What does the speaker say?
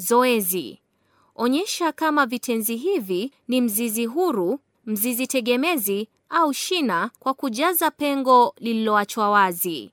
Zoezi: onyesha kama vitenzi hivi ni mzizi huru, mzizi tegemezi au shina kwa kujaza pengo lililoachwa wazi.